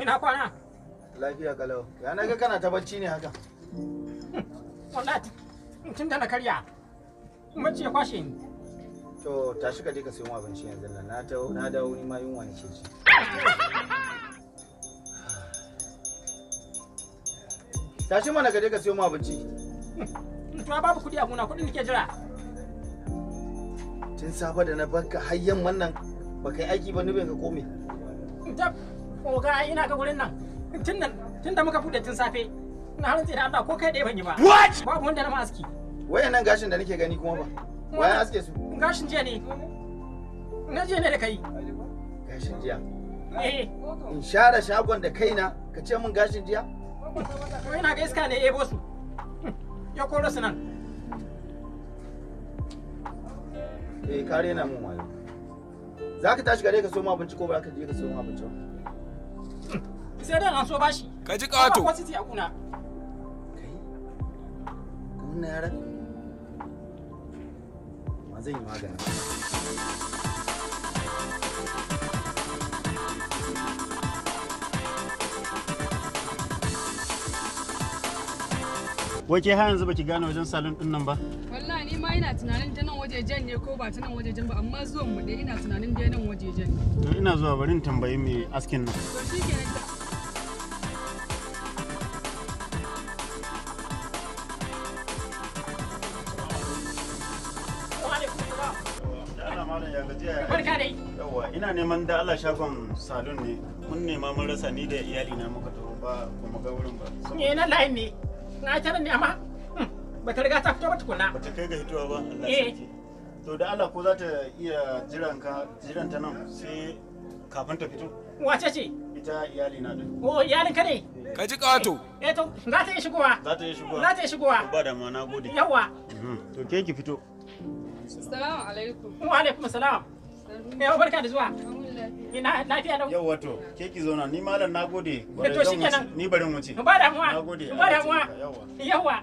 Ina kwana? Lafiya kalau. Ya na ga kana ta bacci ne haka. Wallahi tun da na karya. Kuma ya kwashe ni. To tashi ka je ka sayo abinci yanzu nan. Na ta na dawo ni ma yunwa nake ci. Tashi mana ka je ka sayo abinci. To babu kuɗi a gona kuɗin nake jira. Tun safe da na baka har yamman nan ba kai aiki ba bai ka kome tab oga ina ga gurin nan tun nan tun da muka buɗe tun safe ina harin da Allah ko kai dai ban yi ba what babu wanda na ma aski wayan nan gashin da nake gani kuma ba wayan aske su gashin jiya ne na jiya ne da kai gashin jiya eh in share shagon da kaina ka ce min gashin jiya ina ga iska ne ebo su ya koro su nan eh kare na mun wayo za ka tashi gare ka so mu abinci ko ba ka je ka so mu abinci ba sai dan an so bashi ka ji kato ba kwasiti a kuna kai wannan yaran ma zan yi magana ke har yanzu baki gane wajen salon din nan ba? ni ma ina tunanin ta nan wajejen ne ko ba ta nan wajejen ba amma zuwan mu dai ina tunanin dai nan wajejen. To ina zuwa bari in tambayi mai askin nan. To shikenan ina neman da Allah shagon salon ne mun nema mun rasa ni da iyali na muka tafi ba kuma ga wurin ba. ne na layi ne? Na tara ne amma bata riga ta fito ba tukuna bata kai ga hitowa ba Allah eh. sarki to da Allah ko za ta iya jiran ka jiran ta nan sai kafin ta fito wace ce ita iyali na din oh iyalin ka ne ka ji eh to za ta yi shigowa za ta yi shigowa za ta yi shigowa ba da ma gode. yawa mhm. to ke ki fito assalamu alaikum wa alaikum assalam yau eh, barka da zuwa ina lafiya lau yau wato zauna ni malam nagode eh, to ni barin wuce ba damuwa ba damuwa yawa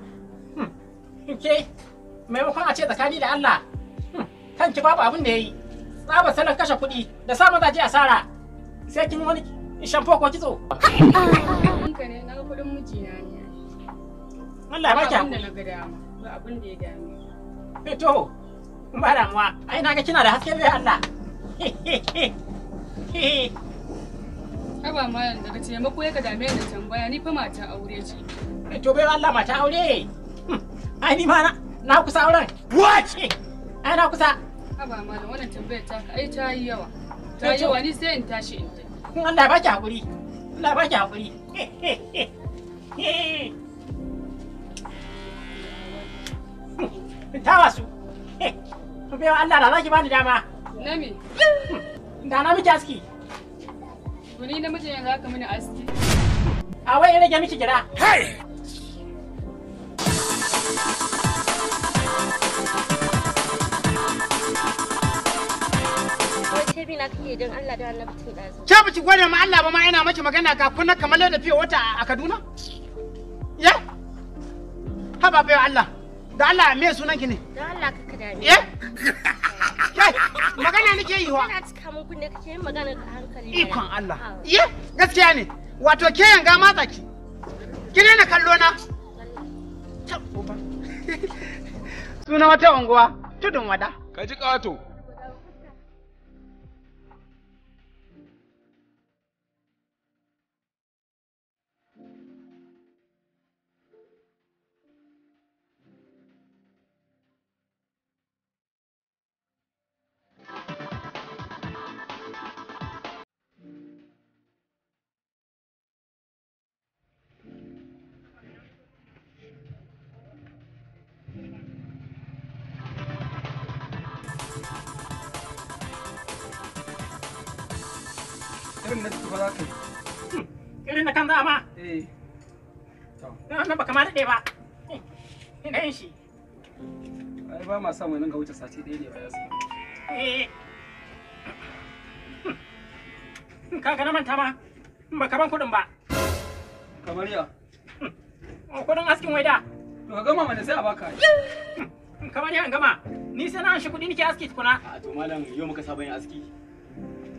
ke maimakon a ce tsakani da Allah hmm, kanki babu abin da ya yi tsaba salon kashe kuɗi da samun mazaje asara sai kin wani shamfo ko kitso kanka ne na kuɗin mijina ne Allah ba ba abin da ya dame eh, to ba damuwa ai na ga kina da haske bai Allah Haba malam daga taimako ya ka dame da tambaya ni fa mata aure ce. Eh, to bai Allah mata aure. ai ni ma na na kusa auren what ai na kusa haba malam wannan tambayar ta ai ta yi yawa ta yi yawa ni sai in tashi in tafi kun Allah baki hakuri Allah baki hakuri hm, ta wasu To biyo Allah da zaki bani dama na me hm, da na miki aski to ni namijin yanzu haka mini aski a wai rage miki gira hey ne don Allah da Allah bitin da zo. Ke bici gwada ma Allah ba ma ina miki magana ga kunna kamar da fiye wata a Kaduna? Ya? Haba bai Allah. Da Allah me sunan ki ne? Da Allah ka kada ni. Ya? Kai magana nake yi wa. Kana cika mun kunne kake yin magana ka hankali. Ikon Allah. Ya? Gaskiya ne. Wato ke yanga matsa ki. Ki ne na kallo na. Sunan wata unguwa tudun wada. Ka ji ƙato. na kan hmm, na eh. ba hmm, ba kaga eh. hmm, na manta ma ba ka kuɗin ba kamar ya oh, askin waida to ka gama mana sai a baka kamar ya gama ni sai na shi kuɗi nike aski tukuna to malam yau muka saba yin aski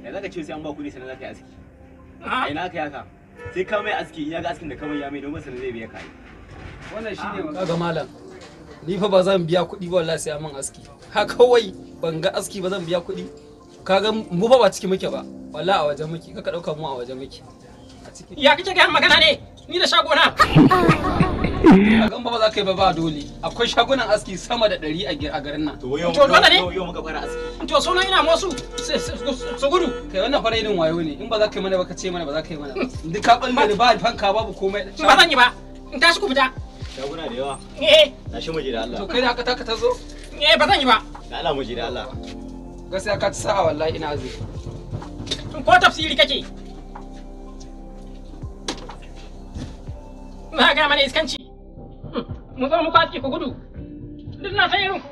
ya zaka ce sai an ba kuɗi sannan zaka yi aski ah. a ina ka yaka sai ka mai aski ya ga askin da ya mai domin sannan zai biya wannan shine ah. malam ni fa ba zan biya kuɗi ba wallahi sai an aski ha kawai ban ga aski ba zan biya kuɗi kaga mu fa ba ciki muke ba wallahi a wajen muke kaka dauka mu a wajen muke ya kake magana ne ni da shagona a ba ba za ka yi ba ba dole. Akwai shagunan aski sama da ɗari a garin nan. To dole ne? Yau muka fara aski. To sunan ina musu su gudu. Kai wannan fara irin wayo ne. In ba za ka yi mana ba ka ce mana ba za ka yi mana ba. Duk ka ɓalle ni ba fanka babu komai. Ba zan yi ba. In tashi ku fita. Shaguna da yawa. Eh. Tashi mu je da Allah. To kai da haka taka ta zo? Eh ba zan yi ba. Da Allah mu je da Allah. Gaskiya ka ci sa'a wallahi ina azumi. Ko tafsiri kake? Za ka gaya mana iskanci. mu zo mu kwace ku gudu duk na san irin